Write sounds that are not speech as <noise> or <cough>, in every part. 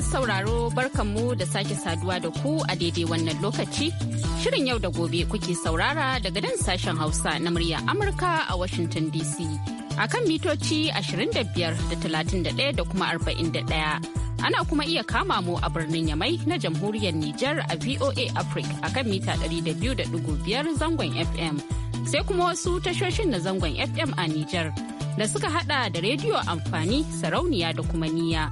masu sauraro barkanmu da sake saduwa da ku a daidai wannan lokaci. Shirin yau da gobe kuke saurara daga dan sashen Hausa na murya Amurka a Washington DC. A kan mitoci 25 da 31 da kuma 41. Ana kuma iya kama mu a birnin Yamai na jamhuriyar Nijar a VOA Africa a kan mita 200.5 zangon FM. Sai kuma wasu tashoshin na zangon FM a Nijar da suka hada da rediyo amfani sarauniya da kuma niya.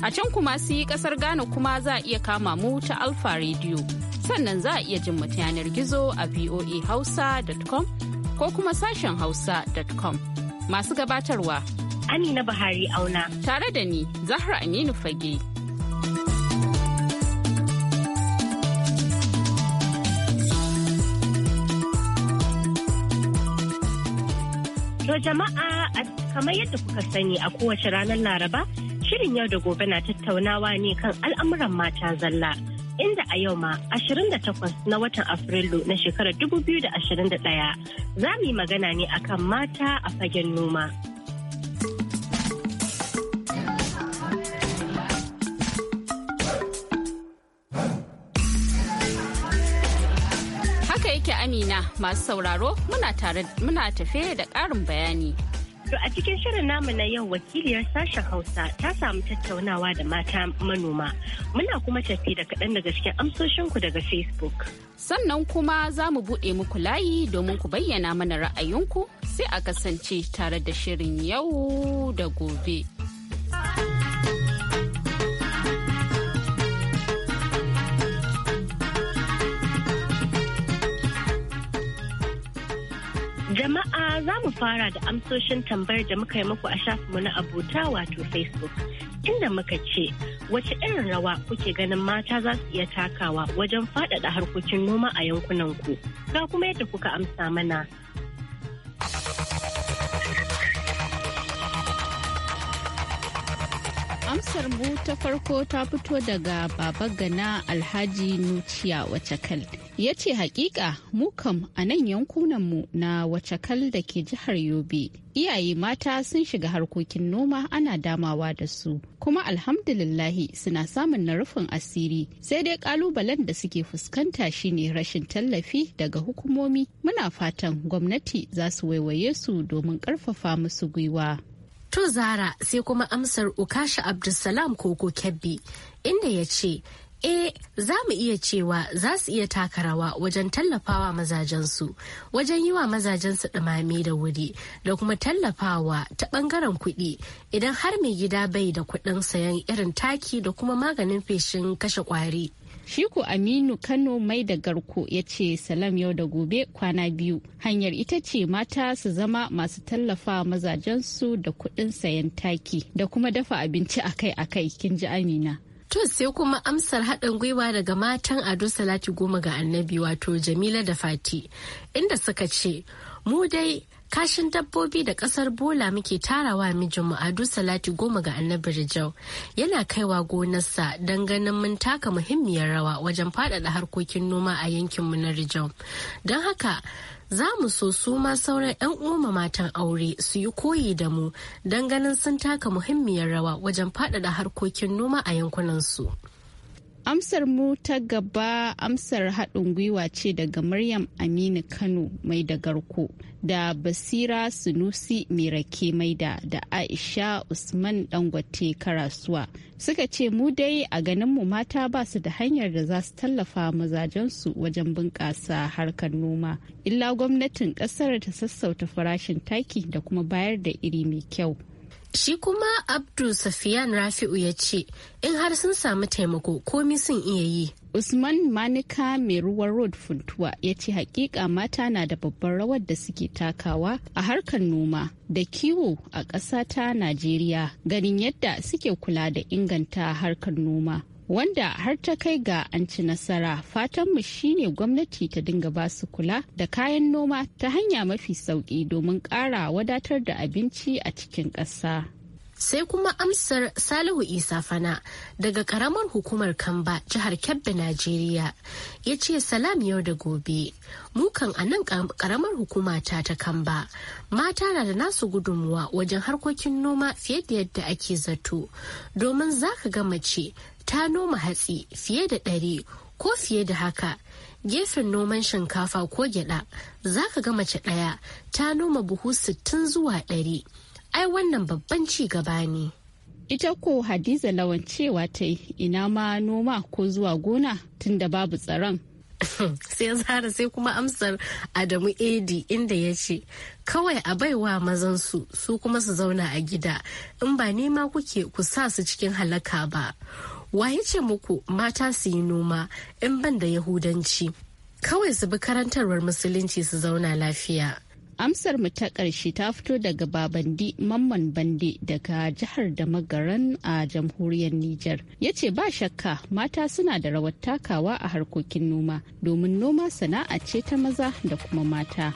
A can kuma su yi kasar Ghana kuma za a iya kama mu ta Alfa Radio. Sannan za a iya jin mata yanar gizo a voahausa.com ko kuma sashen hausa.com. Masu gabatarwa. Amina Buhari auna. Tare da ni, Zahra Aminu Fage. To jama'a kamar yadda kuka sani a kowace ranar Laraba Shirin yau da gobe na tattaunawa ne kan al'amuran mata zalla. Inda a yau ma 28 na watan Afrilu na shekarar 2021 za mu yi magana ne akan mata a fagen noma. Haka yake Amina masu sauraro muna tafe da ƙarin bayani. To a cikin shirin namu na yau wakiliyar sashen Hausa ta samu tattaunawa da mata manoma. Muna kuma tafi da kaɗan daga cikin amsoshinku daga Facebook. Sannan kuma za mu buɗe muku layi domin ku bayyana mana ra'ayinku sai a kasance tare da shirin yau da gobe. za mu fara da amsoshin tambayar da muka yi muku a shafinmu na abota wato Facebook. Inda muka ce, wace irin rawa kuke ganin mata za su iya takawa wajen faɗaɗa harkokin noma a yankunan ku. Ga kuma yadda kuka amsa mana. amsar mu ta farko ta fito daga baba gana alhaji nuciya wacakal ya ce hakika mu kam a nan yankunanmu na wacakal da ke jihar yobe iyaye mata sun shiga harkokin noma ana damawa da su kuma alhamdulillahi suna samun na rufin asiri sai dai kalubalen da suke fuskanta shine rashin tallafi daga hukumomi muna fatan gwamnati za su waiwaye su domin karfafa musu gwiwa To Zara sai kuma amsar Ukasha Abdulsalam Koko Kebbi inda ya ce, E, za mu iya cewa za su iya takarawa wajen tallafawa mazajensu, wajen yi wa mazajensu ɗumame da wuri, da kuma tallafawa ta ɓangaren kuɗi idan har mai gida bai da kuɗin sayan irin taki da kuma maganin feshin kashe ƙwari. shiku Aminu Kano mai da garko ya ce salam yau da gobe kwana biyu. Hanyar ita ce mata su zama masu tallafa mazajensu da kuɗin sayan taki da kuma dafa abinci akai-akai kin ji Amina. To sai kuma amsar haɗin gwiwa daga matan Ado Salati goma ga annabi wato Jamila da Fati inda suka ce mu dai kashin dabbobi da kasar bola muke tarawa mijinmu adu salati goma ga annabi rijau yana kaiwa gonarsa don ganin mun taka muhimmiyar rawa wajen faɗaɗa harkokin noma a yankinmu na rijau don haka za mu so su ma sauran 'yan uwa matan aure su yi koyi da mu don ganin sun taka muhimmiyar rawa wajen faɗaɗa harkokin noma a yankunansu. su amsar mu ta gaba amsar haɗin gwiwa ce daga maryam aminu kano mai da garko da basira sunusi mai rake maida da aisha usman dangote karasuwa suka ce mu dai a ganin mu mata ba su da hanyar da za su tallafa mazajensu wajen bunƙasa harkar noma illa gwamnatin ƙasar ta sassauta farashin taki da kuma bayar da iri mai kyau Shi kuma abdul Safiyan Rafi'u ya ce, in har sun samu taimako komi sun iya yi. Usman Manika mai ruwan road funtuwa ya ce hakika mata na da babban rawar da suke takawa a harkar noma da kiwo a ƙasa ta Najeriya ganin yadda suke kula da inganta harkar noma wanda har ta kai ga an ci nasara fatanmu shine gwamnati ta dinga ba su kula da kayan noma ta hanya mafi sauki domin ƙara wadatar da abinci a cikin ƙasa. sai kuma amsar salihu isa fana daga karamar hukumar kamba jihar kebbi najeriya ya ce salam yau da gobe mukan a nan karamar hukuma ta ta kamba mata na da nasu gudunmuwa wajen harkokin noma fiye da yadda ake zato domin za ka ga mace ta noma hatsi fiye da ɗari ko fiye da haka gefen noman shinkafa ko gyada za ka ga mace ɗaya ta noma buhu sittin zuwa ɗari ai wannan babban ci gaba ne ita ko hadiza lawan cewa ta yi ina ma noma ko zuwa gona tunda babu tsaron <laughs> sai zara sai kuma amsar adamu edi inda ya ce kawai a baiwa mazansu su kuma su zauna a gida in ba nema kuke ku sa su cikin halaka ba waye ce muku mata su yi noma in ban da yahudanci kawai su bi karantarwar musulunci su zauna lafiya Amsar mu ta ƙarshe ta fito daga Babandi Mamman Bande daga jihar da magaran a jamhuriyar Nijar. Ya ce ba shakka mata suna da rawar takawa a harkokin noma domin noma sana'a ce ta maza da kuma mata.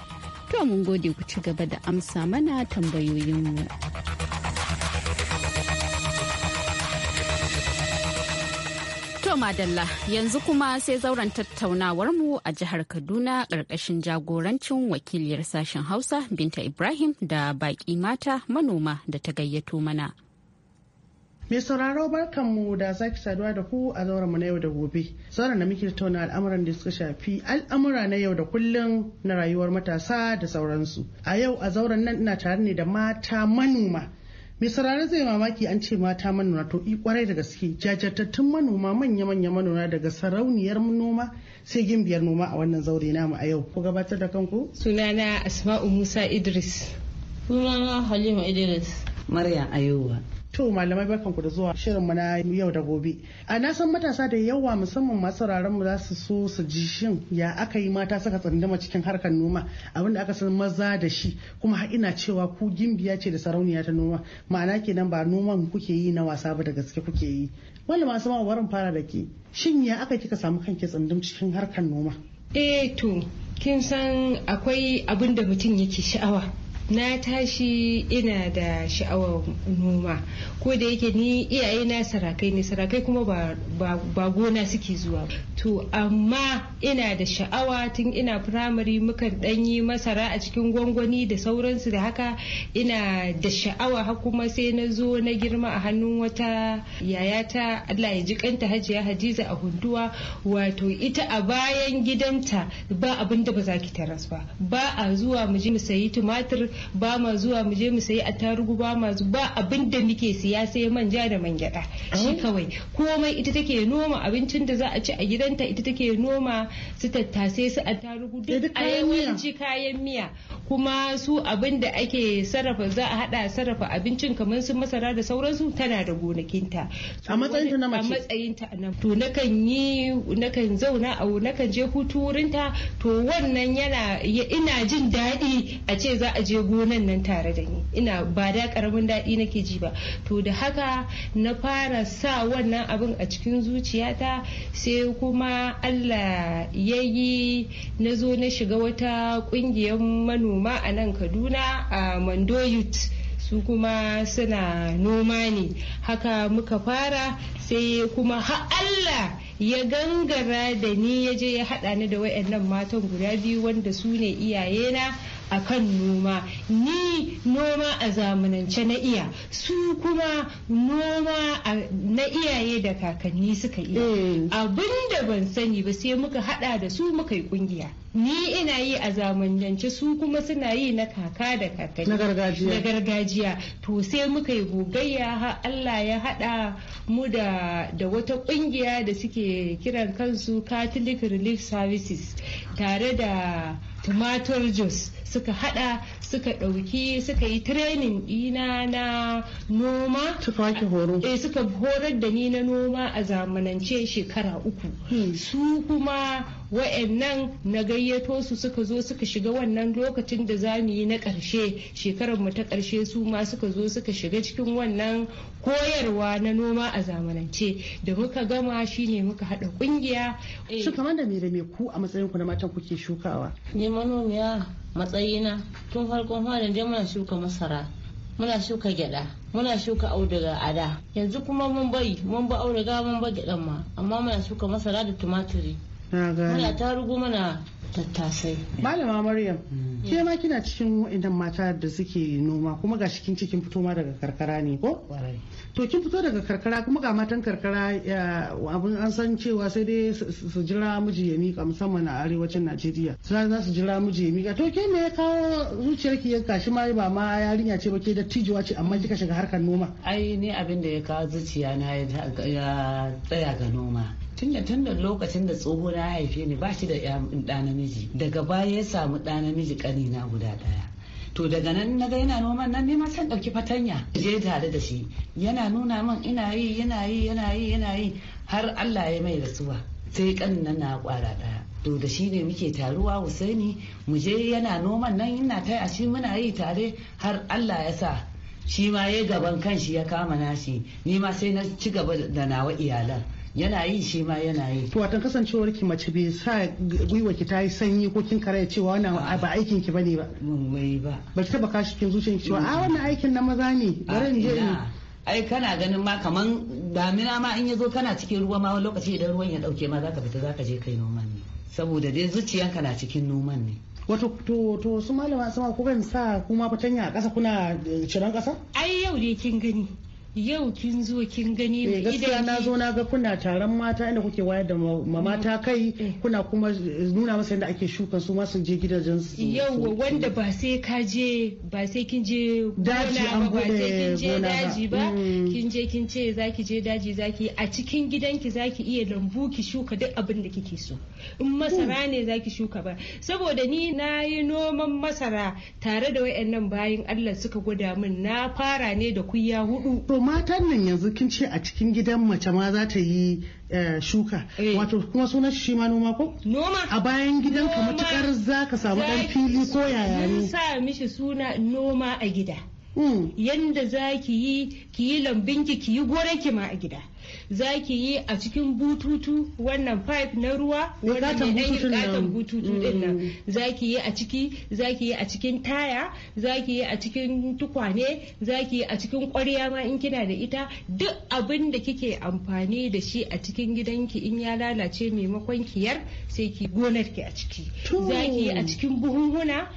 To mun gode ku ci gaba da amsa mana tambayoyin mu. To Madalla yanzu kuma sai zauren tattaunawar mu a jihar Kaduna ƙarƙashin jagorancin wakiliyar sashen Hausa Binta Ibrahim da baƙi mata manoma da ta gayyato mana. Mai sauraro barkanmu da zaki saduwa da ku a zauren mu na yau da gobe. Zauren da muke tattauna al'amuran da suka shafi al'amura na yau da kullum na rayuwar matasa da sauransu. A yau a zauren nan ina tare ne da mata manoma mai saurare zai mamaki an ce mata manoma to i kwarai da gaske jajatattun manoma manya manya manoma daga sarauniyar noma sai gimbiyar noma a wannan zaure namu a yau ku gabatar da kanku sunana asma'u musa idris sunana halima idris maryam ayowa To malamai ku da zuwa shirin mu na yau da gobe. A na san matasa da yawa musamman masu sauraron mu za su so su ji shin ya aka yi mata suka tsandama cikin harkar noma abinda aka san maza da shi kuma har ina cewa ku gimbiya ce da sarauniya ta noma ma'ana kenan ba noman kuke yi na wasa ba da gaske kuke yi. Wanda masu ma warin fara da ke shin ya aka kika samu kanke tsandum cikin harkar noma? Eh to kin san akwai abin da mutum yake sha'awa na tashi ina da sha'awar noma ko da yake ni iyaye na sarakai ne sarakai kuma ba gona suke zuwa to amma ina da sha'awa tun ina firamare mukan ɗanyi masara a cikin gwangwani da sauransu da haka ina da sha'awa har kuma sai na zo na girma a hannun wata yayata Allah ya ji kanta hajiya hadiza a hunduwa wato ita a bayan gidanta ba abinda da ba za ki taras ba ba a zuwa mu je mu sayi tumatir ba ma zuwa mu je mu sayi attarugu ba ma ba abin da muke siya sai manja da man gyada oh. shi kawai komai ita take noma abincin da za a ci a gidanta ita take noma su tattasai su attarugu duk a yawanci kayan miya kuma su abin da ake sarrafa za a hada sarrafa abincin kamar su masara da sauransu tana da gonakinta a matsayinta na mace a matsayinta na to nakan yi nakan zauna a nakan je hutu wurinta to wannan yana ina jin daɗi a ce za a je gonan nan tare da ni ina ba da karamin daɗi nake ji ba to da haka na fara sa wannan abin a cikin zuciyata sai kuma allah ya yi na zo na shiga wata ƙungiyar manoma a nan kaduna a mando youth su kuma suna noma ne haka muka fara sai kuma ha allah ya gangara da ni ya je ya haɗa ni da wayannan matan guda biyu wanda su ne iyayena a kan noma ni noma a zamanance na iya su kuma noma na iyaye da kakanni suka iya mm. abin da ban sani ba sai muka hada da su muka yi kungiya ni ina yi a zamanance su kuma suna yi na kaka da kakanni na gargajiya to sai muka yi gogayya Allah ya hada mu da wata kungiya da suke kiran kansu Catholic Relief Services tare da tumatur juice suka hada suka dauki suka yi training dina na noma tufaki horo eh suka horar da ni na noma a zamanance shekara uku hmm. su kuma wa'annan na gayyato su suka zo suka shiga wannan lokacin da za mu yi na ƙarshe shekarar mu ta ƙarshe su ma suka zo suka shiga cikin wannan koyarwa na noma a zamanance da muka gama shi ne muka haɗa ƙungiya. Eh. su da me da me ku a matsayin ku na matan kuke shukawa. ni manomiya matsayina tun farkon fara dai muna shuka masara muna shuka gyada muna shuka auduga a da yanzu kuma mun bai mun ba auduga mun ba gyadan ma amma muna shuka masara da tumatiri muna ta rugo mana tattasai malama maryam hmm. ke ma kina cikin waɗannan mata da suke noma kuma ga cikin cikin fito daga karkara ne ko to kin fito daga karkara kuma ga matan karkara abin an san cewa sai dai su jira miji ya mika musamman a arewacin najeriya za su jira miji ya mika to ke me ya kawo zuciyarki yanka shi ma ba ma yarinya ce ba ke da tijuwa ce amma kika shiga harkar noma ai ni abin da ya kawo zuciya na ya tsaya ga noma Tunda tunda lokacin da tsoho na haife ni ba shi da ɗa namiji daga baya ya samu ɗa namiji ƙanina guda ɗaya to daga nan na ga yana noman nan ne ma san ɗauki fatanya je tare da shi yana nuna min ina yi yana yi yana yi yana yi har Allah ya mai rasuwa sai ƙanin nan na ƙwara ɗaya to da shi ne muke taruwa Husaini mu je yana noman nan ina ta shi muna yi tare har Allah ya sa shi ma ya gaban kanshi ya kama nashi ni ma sai na ci gaba da nawa iyalan yana yi shi ma yana yi to watan kasancewar ki mace bai sa gwiwa ki ta yi sanyi ko kin karaya cewa wannan ba aikin ki bane ba mm, bai ba ba ki taba kashi kin zuciyar ki cewa a ah, mm. wannan aikin na maza ne bari in je ai kana ganin ma kaman damina ma in yazo kana cikin ruwa ma wani lokaci idan ruwan ya dauke ma zaka fita zaka je kai noman ne saboda dai zuciyanka na cikin noman ne wato to to su malama sama kukan sa kuma fatanya a ƙasa kuna eh, ciran ƙasa ai yau dai kin gani yau kin zo kin gani eh, idan gaskiya na zo na ga kuna taron mata inda kuke wayar da mm. mata kai eh. kuna kuma eh, nuna masa yadda ake shuka su ma su je gidajen su yau wanda ba sai ka je ba sai kin je daji an ba sai kin je daji ba mm. kin je kin ce zaki je daji zaki a cikin gidanki zaki iya lambu ki shuka duk abin da kike so in masara mm. ne zaki shuka ba saboda ni na yi noman masara tare da wayannan bayin Allah suka gwada min na fara ne da kuyya hudu matan nan yanzu kin ce a cikin gidan mace ma za ta yi eh, shuka eh. wato kuma sunan shi ma noma ko noma a bayan gidan ka matukar za ka samu dan fili ko yaya ne sa mishi suna noma a gida yanda za ki yi ki yi lambinki ki yi gore ki ma a gida za ki yi a cikin bututu wannan pipe na ruwa wannan katon bututu din nan mm. za ki yi a ciki za ki yi a cikin taya za ki yi a cikin tukwane za ki yi a cikin kwarya ma in kina da ita duk abin da kike amfani da shi a cikin gidanki in ya lalace maimakon kiyar sai ki gonar ki a ciki za ki yi a cikin buhunhuna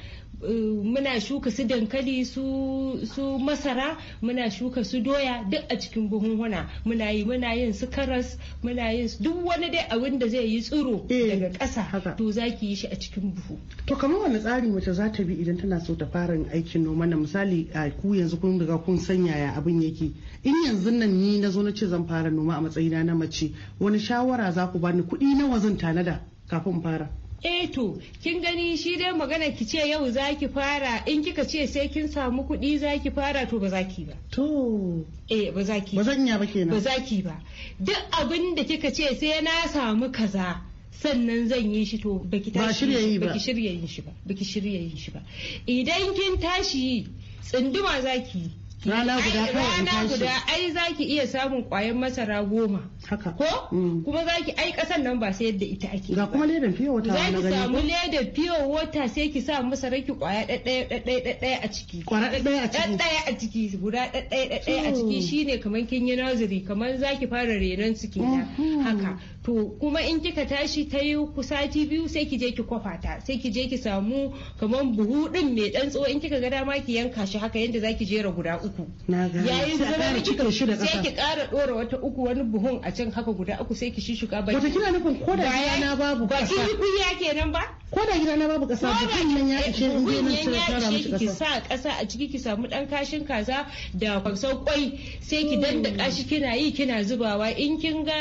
Eh, muna shuka su dankali su masara muna shuka su doya duk a cikin buhunhuna muna yi muna yin su karas muna yin su duk wani dai abin da zai yi tsiro eh, daga ƙasa to za ki yi shi a cikin buhu to kamar wani tsari mace za ta bi idan tana so ta fara aikin noma na misali a ku yanzu kun riga kun sanya yaya abin yake in yanzu nan ni na zo na ce zan fara noma a matsayina na mace wani shawara za ku bani kuɗi nawa zan tanada kafin fara Eto eh to kin gani shi dai magana ki ce yau zaki fara in kika ce sai kin samu kuɗi zaki fara to ba za ki ba to eh ba za ki ba Ba zan ba kenan ba za ki ba duk abin da kika ce sai na samu kaza sannan zan yi shi to baki tashi Ba baki shirya yin shi ba baki shirya yin shi ba idan kin tashi tsinduma ki yi rana guda in guda ai zaki iya samun kwayan masara goma haka ko mm. kuma zaki ai kasan nan ba sai yadda ita ake ga kuma ledan fiyo wata zaki samu ledan fiyo wata sai ki sa masara ki kwaya daddaya daddaya a ciki kwara daddaya a ciki daddaya a ciki guda daddaya daddaya a ciki shine kamar kin yi kamar zaki fara renon ciki mm-hmm. haka to kuma in kika tashi ta yi sati biyu sai ki je ki kwafa ta sai ki je ki samu kamar buhu din mai dan tsawo in kika ga dama ki yanka shi haka yanda zaki jera guda uku yayin da zama ki sai ki kara dora wata uku wani buhun a can haka guda uku sai ki shishuka baki ki kina nufin ko da gida na babu kasa ba kin kuya kenan ba ko da gida na babu kasa buhun nan ya ishe in je nan sai tara miki kasa ki sa kasa a ciki ki samu dan kashin kaza da kwansau kwai sai ki hmm. danda kashi kina yi kina zubawa in kin ga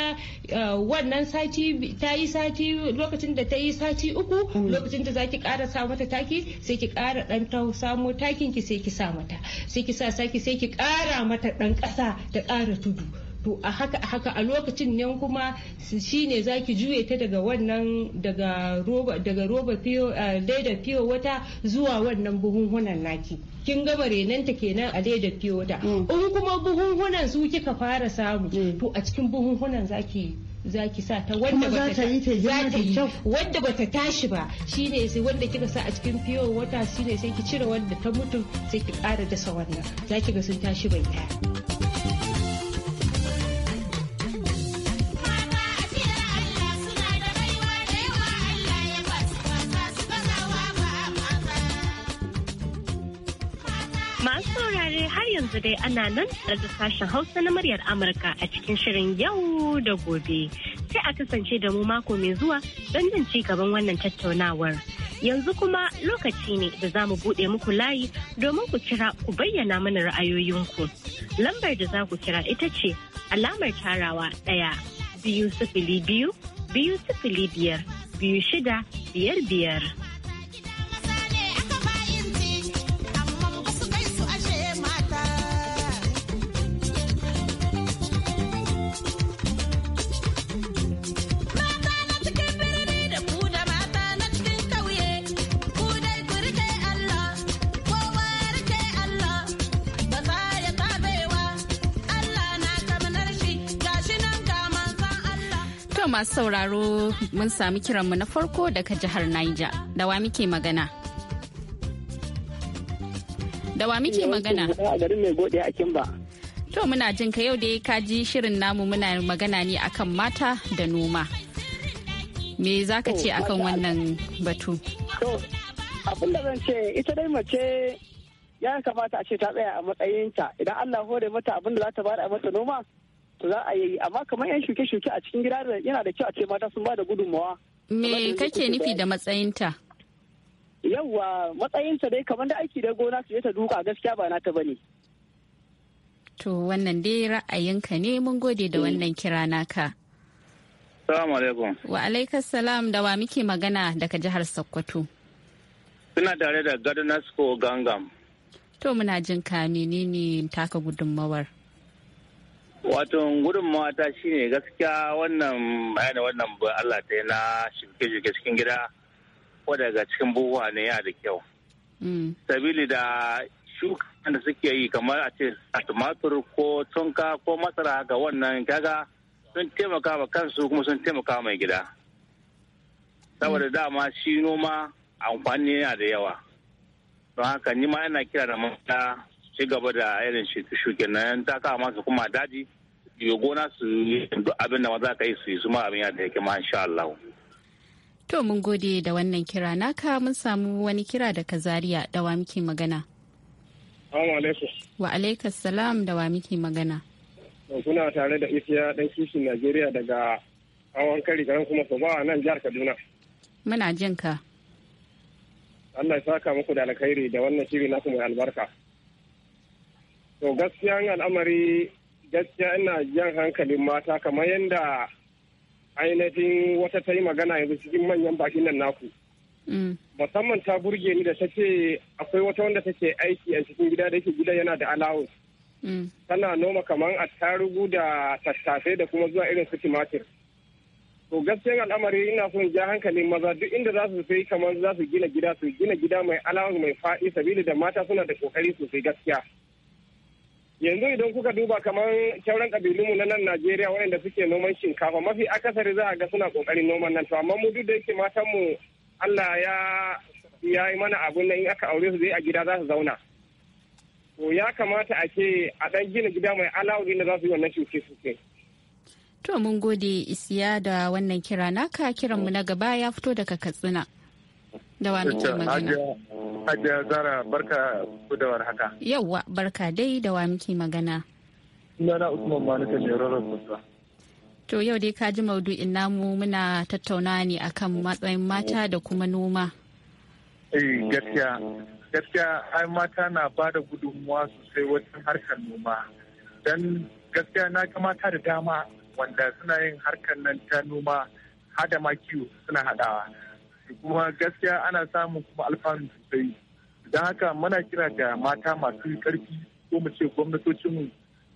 eh, wannan nan sati ta yi sati lokacin da ta yi sati uku hmm. lokacin da zaki ƙara sa mata taki sai ki ƙara dan ta samo takin ki sai ki sa mata sai ki sa saki sai ki ƙara mata ɗan ƙasa ta ƙara tudu to a haka a haka a lokacin nan kuma shine zaki juye ta daga wannan daga roba daga roba fiyo eh, leda fiyo wata zuwa wannan buhunhunan naki kin gama renanta kenan a leda fiyo wata hmm. in kuma buhunhunan su kika fara samu hmm. to a cikin buhunhunan zaki za ki sa ta wanda ba ta yi wanda ba ta tashi ba shine sai wanda kika sa a cikin fiyo wata shine sai ki cire wanda ta mutu sai ki ƙara dasa wannan za ki ga sun tashi bai ɗaya. yanzu dai ana nan da da sashen Hausa na muryar Amurka a cikin shirin yau da gobe. Sai a kasance da mu mako mai zuwa don jin ci gaban wannan tattaunawar. Yanzu kuma lokaci ne da za mu buɗe muku layi domin ku kira ku bayyana mana ra'ayoyinku. Lambar da za ku kira ita ce alamar tarawa ɗaya biyu sifili biyu biyu sifili biyar biyu shida biyar biyar. masu sauraro mun sami kiranmu na farko daga jihar Niger. Da wa muke magana? Da wa muke magana? A garin mai gode a Kimba. To muna jin ka yau da ka ji shirin namu muna magana ne akan mata da noma. Me za ka ce akan wannan batu? To, abin da zan ce ita dai mace ya kamata a ce ta tsaya a matsayinta idan Allah hore mata abin da za ta bada a mata noma za a yi amma kamar yan shuke-shuke a cikin gida yana da kyau a ce mata sun ba da gudunmawa. Me kake nufi da matsayinta? Yawwa matsayinta dai kamar da aiki da gona su je ta duka gaskiya ba na nata bane. To wannan dai ra'ayinka ne mun gode da eh. wannan kira naka. Salamu alaikum. Wa alaikas salam da wa muke magana daga jihar Sokoto. Suna tare da Gardenas Gangam. To muna jin ka menene taka gudunmawar. wato gudunmawa shi shine gaskiya wannan bayani wannan Allah ta na shirke-shirke cikin gida ko daga cikin buhuwa ne ya da kyau mm. sabili da shuka da suke yi kamar a ce tumatur ko tunka ko masara ga wannan gaga sun taimaka wa kansu kuma sun taimaka mai gida saboda mm. dama shi noma amfani yana da yawa don haka ni ma yana kira da mata ci gaba da irin shuke na yan masu kuma daji yo gona su yi abin da maza ka yi su yi su ma abin ya da yake ma insha Allah. To mun gode da wannan kira naka mun samu wani kira daga Zaria da wa muke magana. Wa alaikas salam da wa muke magana. Kuna tare da isiya dan kishin Najeriya daga awon kari garin kuma su ba nan jihar Kaduna. Muna jin ka. Allah ya saka muku da alkhairi da wannan shiri na mai albarka. To gaskiyan al'amari gaskiya ina jan hankalin mata kamar yadda ainihin wata ta yi magana yanzu cikin manyan bakin nan naku. Mm. Musamman ta burge ni da ta ce akwai wata wanda take aiki a cikin gida da yake gida yana da alawus. Mm. Tana noma kamar attarugu da tattafe da kuma zuwa irin su timatir. To gaskiyan al'amari ina son ja hankalin maza duk inda za su sai kamar za su gina gida su gina gida mai alawus mai faɗi sabili da mata suna da kokari sosai gaskiya. yanzu idan kuka duba kamar sauran kabilunmu na nan Najeriya waɗanda suke noman shinkafa mafi akasari za a ga suna kokarin noman nan to amma mu duk da yake matan mu Allah ya ya yi mana abun nan in aka aure su zai a gida za su zauna to ya kamata a ce a ɗan gina gida mai alawuri da za su yi wannan shuke shuke to mun gode isiya da wannan kira naka kiran mu na gaba ya fito daga Katsina da wa magana Hajiya Zara barka ku da warhaka Yawwa barka dai da wa muke magana Sunana Usman Manuka ne To yau dai ka ji maudu'in namu muna tattauna ne akan matsayin mata da kuma noma. Eh gaskiya gaskiya ai mata na ba da gudunmuwa sosai wajen harkar noma. Dan gaskiya na ga mata da dama wanda suna yin harkar nan ta noma hada ma kiwo suna hadawa. kuma gaskiya ana samun kuma alfanu sosai don haka muna kira ga mata masu karfi ko mu ce gwamnatocinmu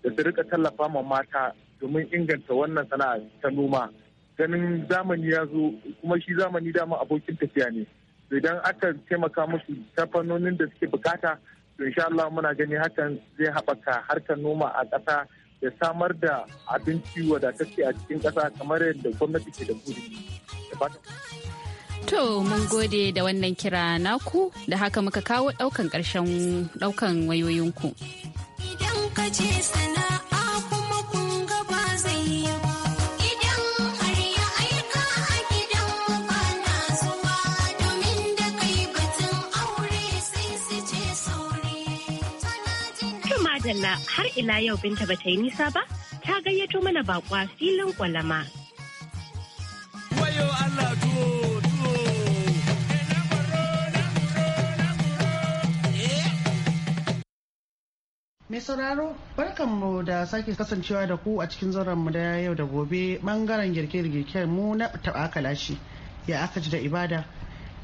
da su rika tallafa ma mata domin inganta wannan sana'a ta noma ganin zamani ya zo kuma shi zamani dama abokin tafiya ne idan aka taimaka musu ta fannonin da suke bukata to insha Allah muna gani hakan zai haɓaka harkar noma a ƙasa da samar da abinci wadatacce a cikin ƙasa kamar yadda gwamnati ke da buri. To mun gode da wannan kira naku da haka muka kawo daukan karshen daukan wayoyinku. Idan ka ce sana'a kuma kun ga zai yi ba. Idan har ya aika a gidan bana zuwa domin da kai batun aure sai su ce sauri. Kuma dalla har ila yau binta bata yi nisa ba ta gayyato mana bakwa filin ƙwalama. Mai sauraro, mu da sake kasancewa da ku a cikin mu da yau da gobe bangaren girke girke mu na taɓa kalashi ya aka ji da ibada.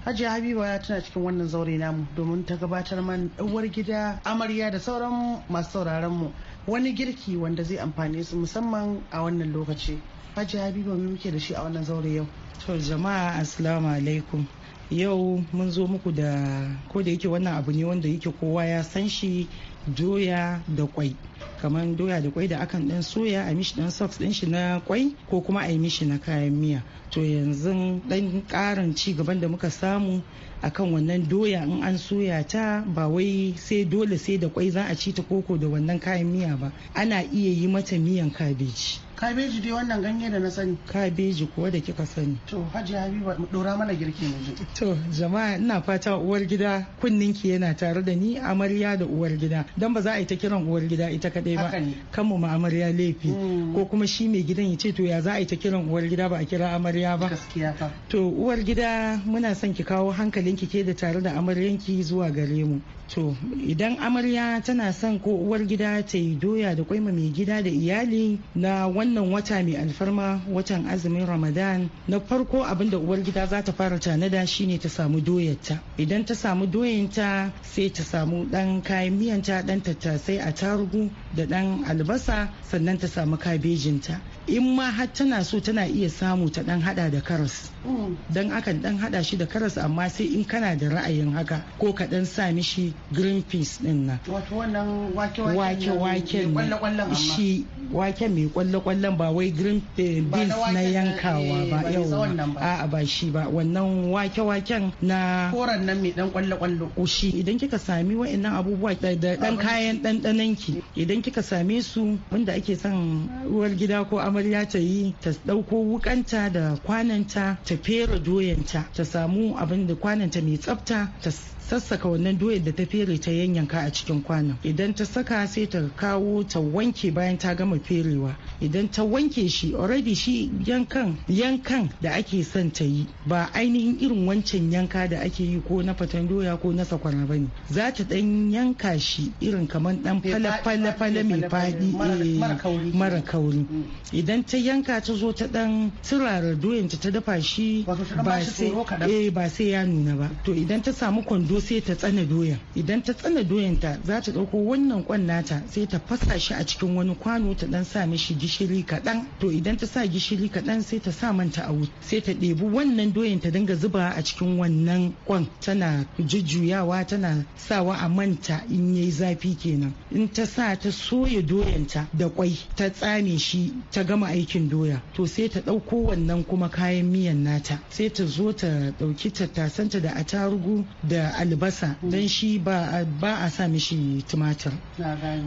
Hajiya Habiba tana cikin wannan zaure namu domin ta gabatar man uwar gida amarya da sauran masu sauraron mu wani girki wanda zai amfane su musamman a wannan lokaci. Hajiya Habiba mu muke da shi a wannan zaure yau. To jama'a assalamu alaikum. Yau mun zo muku da ko da yake wannan abu ne wanda yake kowa ya san shi doya da kwai kamar doya da kwai da akan dan soya a mishi dan soft din shi na kwai ko kuma a mishi na kayan miya to yanzu dan karin ci gaban da muka samu akan wannan doya in an soya ta ba wai sai dole sai da kwai za a ci ta koko da wannan kayan miya ba ana iya yi mata miyan kabeji kabeji dai wannan ganye da na sani kabeji kuwa da kika sani to hajji habiba dora mana girki yanzu to jama'a ina fata uwar gida kunninki yana tare da ni amarya da uwar gida dan ba za a yi ta kiran uwar gida ita kadai ba kan mu amarya laifi mm. ko kuma shi mai gidan ya ce to ya za a yi ta kiran uwar gida ba a kira amarya ba gaskiya fa to uwar gida muna son ki kawo hankalinki ke da tare da ki zuwa gare mu to idan amarya tana son ko uwar gida ta yi doya da kwaima mai gida da iyali na wannan wata mai alfarma watan azumin ramadan na farko abin da uwar gida za ta fara tanada shine ta samu doyarta idan ta samu doyanta sai ta samu dan kayan miyanta dan tattasai a tarugu da dan albasa sannan ta samu kabejinta in ma har tana so tana iya samu ta dan hada da karas mm. dan akan dan hada shi da karas amma sai in kana da ra'ayin haka ko ka dan sa mishi green peas din nan wato wannan wake wake wake wake shi wake mai kwalle kwallen ba wai green eh, beans na yankawa eh, ba yawa a'a ba shi ba wannan wake waken na koran nan mai dan kwalle kwallo shi idan kika sami wa'annan abubuwa da dan kayan danan ki idan kika same su wanda ake son uwar gida ko amarya ta yi ta ɗauko wukanta da kwananta ta fere doyanta ta samu abin da kwananta mai tsafta ta sassaka wannan doyar da ta fere ta yanyanka a cikin kwanon idan ta saka sai ta kawo ta wanke bayan ta gama ferewa idan ta wanke shi already shi yankan yankan da ake son ta yi ba ainihin irin wancan yanka da ake yi ko na fatan doya ko na sakwara ba ne za ta dan yanka shi irin kamar dan fala fala mai fadi eh, mara kauri mm. idan ta yanka ta zo ta dan turara doyanta ta dafa shi eh, ba sai ya nuna ba to idan ta samu kwando zo sai ta tsane doyan idan ta tsane doyan ta za ta ɗauko wannan kwan nata sai ta fasa shi a cikin wani kwano ta dan sa mishi gishiri kaɗan to idan ta sa gishiri kaɗan sai ta sa manta a wuta sai ta ɗebi wannan doyan ta dinga zuba a cikin wannan kwan tana jujjuyawa tana sawa a manta in yayi zafi kenan in ta sa ta soya doyan ta da kwai ta tsame shi ta gama aikin doya to sai ta ɗauko wannan kuma kayan miyan nata sai ta zo ta ɗauki tattasanta da atarugu da albasa mm. dan shi ba a sa mishi tumatir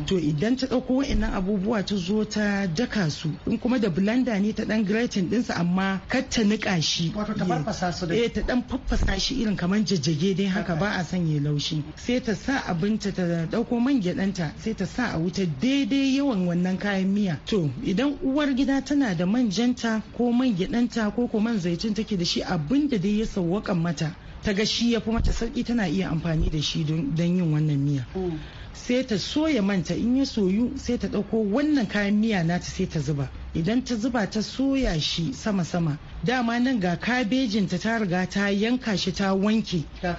to idan ta dauko wa'annan abubuwa ta zo ta daka su in kuma da blanda ne ta dan gratin dinsa amma kar ta nika shi ta eh ta dan farfasa shi irin kamar jajjage dai haka ba a sanya laushi sai ta sa abinta ta dauko man gyadanta sai ta sa a wuta daidai yawan wannan kayan miya to idan uwar gida tana da manjanta ko man gyadanta ko ko man zaitun take da shi abinda dai ya sawwakan mata ta ga shi ya fi mata sauki tana iya amfani da shi don yin wannan miya mm. sai ta soya manta in ya soyu sai ta ɗauko wannan kayan miya nata sai ta zuba idan ta zuba ta soya shi sama-sama dama nan ga kabejinta ta riga ta yanka shi ta wanke ga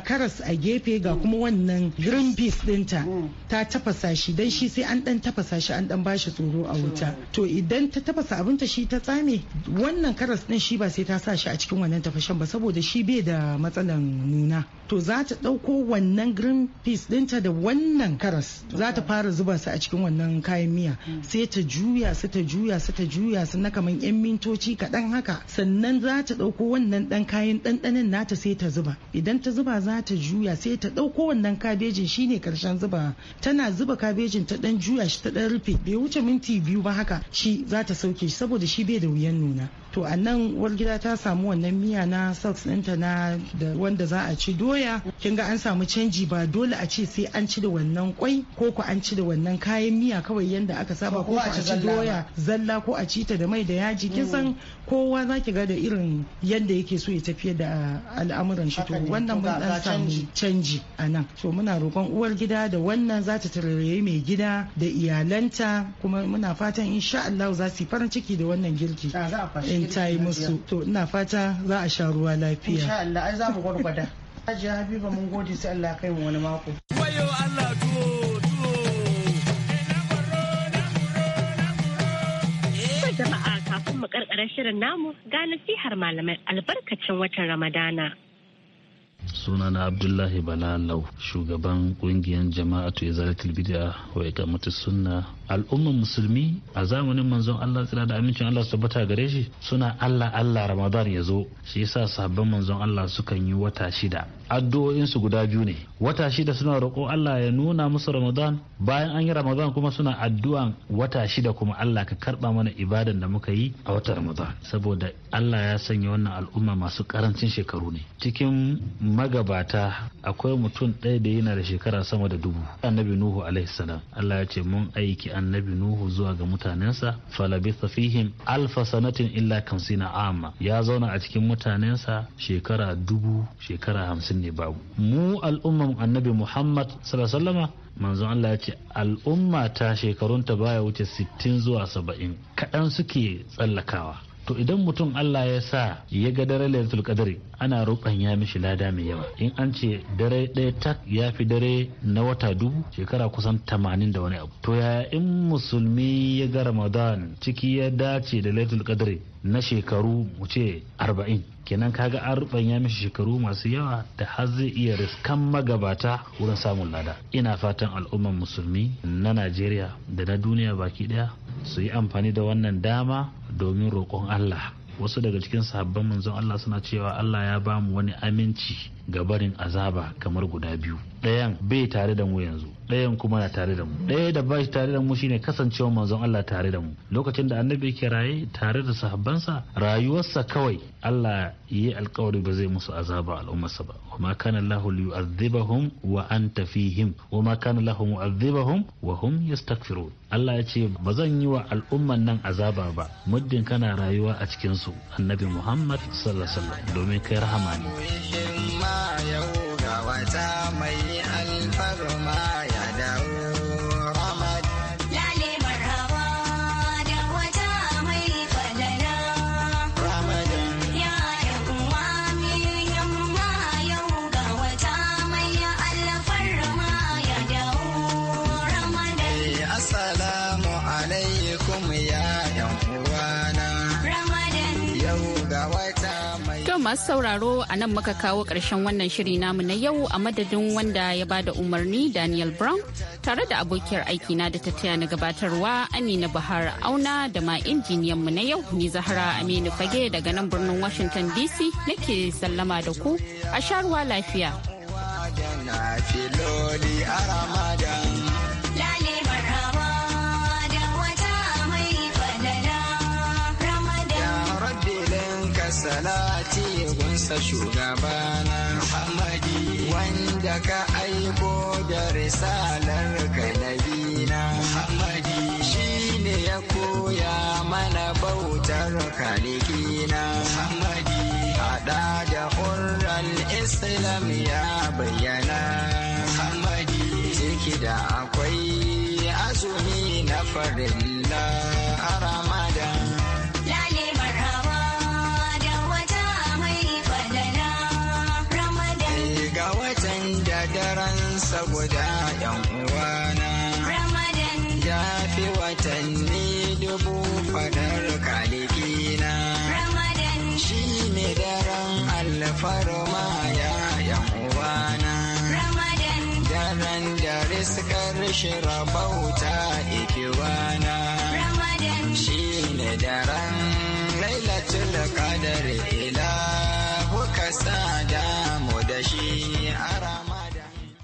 karas a gefe ga kuma wannan green beans dinta mm. ta tafasa shi dan shi sai an dan tafasa shi an dan bashi tsoro a wuta to idan ta tafasa abinta shi ta tsame wannan karas din shi ba sai ta sa shi a cikin wannan tafashen ba saboda shi bai da matsalan nuna to za ta dauko wannan green peas dinta da wannan karas za ta fara zuba su a cikin wannan kayan miya mm. sai ta juya su ta ta juya su ta juya su na kaman yan mintoci kaɗan haka sannan za ta ɗauko wannan ɗan kayan ɗanɗanin nata sai ta zuba idan ta zuba za ta juya sai ta ɗauko wannan kabejin shine karshen zuba tana zuba kabejin ta ɗan juya shi ta ɗan rufe bai wuce minti biyu ba haka shi za ta sauke shi saboda shi bai da wuyan nuna to a nan uwargida gida ta samu wannan miya na socks ɗinta na da wanda za a ci doya kin ga an samu canji ba dole a ce sai an ci da wannan kwai ko ku an ci da wannan kayan miya kawai yanda aka saba ko a ci doya zalla ko a ci ta da mai da yaji kin san mm. kowa za ki ga da irin yadda yake so ya tafiyar da al'amuran shi to wannan mun dan samu canji a nan to muna roƙon uwar gida da wannan za ta tarayi mai gida da iyalanta kuma muna fatan insha Allah za su yi farin ciki da wannan girki nan ta yi musu to ina fata za a sha ruwa lafiya insha Allah ai za mu gwargwada Haji Habiba mun gode sai Allah kai mu wani mako wayo Allah jama'a kafin mu karkarar shirin namu ga nasihar malamai albarkacin watan Ramadana sunana abdullahi balalau shugaban kungiyar jama'atu ya zara bid'a wa kamata sunna al'ummar musulmi a zamanin manzon Allah tsira da amincin Allah su tabbata gare shi suna Allah Allah Ramadan ya zo shi yasa sabbin manzon Allah sukan yi wata shida addu'o'insu guda biyu ne wata shida suna roƙo Allah ya nuna musu Ramadan bayan an yi Ramadan kuma suna addu'an wata shida kuma Allah ka karɓa mana ibadan da muka yi a wata Ramadan saboda Allah ya sanya wannan al'umma masu karancin shekaru ne cikin magabata akwai mutum ɗaya da yana da shekara sama da dubu annabi Nuhu alaihi salam Allah ya ce mun aiki annabi Nuhu zuwa ga mutanensa falabitha fihim alfa sanatin illa kamsina amma ya zauna a cikin mutanensa shekara dubu shekara hamsin ne babu mu al'umman annabi muhammad sallallahu manzon Allah ya ce al'umma ta shekarun ta baya wuce 60 zuwa 70 kaɗan suke tsallakawa to idan mutum Allah ya sa ya ga dare lailatul qadri ana ya mishi lada mai yawa in an ce dare ɗaya tak ya fi dare na wata dubu shekara kusan tamanin da wani abu to ya in musulmi ya ga ramadan ciki ya dace da lailatul qadri na shekaru mu ce arba'in kenan kaga an rubanya mishi shekaru masu yawa da har zai iya riskan magabata wurin samun lada ina fatan al'umman musulmi na najeriya da na duniya baki daya su yi amfani da wannan dama domin roƙon allah wasu daga cikin sahabban manzon allah suna cewa allah ya bamu wani aminci ga barin azaba kamar guda biyu ɗayan bai tare da mu yanzu ɗayan kuma na tare da mu ɗaya da ba shi tare da mu shine kasancewa manzon Allah tare da mu lokacin da annabi yake raye tare da sahabbansa rayuwarsa kawai Allah yi alkawari ba zai musu azaba al'ummarsa ba wa ma kana Allah yu'adhibahum wa anta fihim wa ma kana Allah mu'adhibahum wa hum yastaghfirun Allah ya ce ba zan yi wa al'umman nan azaba ba muddin kana rayuwa a cikin su annabi Muhammad sallallahu alaihi wasallam domin kai rahama ne masu sauraro a nan muka kawo ƙarshen wannan shiri namu na yau a madadin wanda ya ba da umarni Daniel Brown tare da abokiyar aikina da ta taya na gabatarwa Amina Bahar Auna da ma injiniyan mu na yau ni Zahra Aminu Fage daga nan birnin Washington DC nake sallama da ku a sharuwa lafiya. sa shugabana Muhammadi wanda ka aiko da risalar ka nabina Muhammadi shi ne ya koya mana bautar kalikina Muhammadi hada da hurran Islam ya bayyana Muhammadi ciki da akwai azumi na farin ma ya yamuwana ramadan daren dare suka rashi rabauta ikiwana ramadan shi ne daren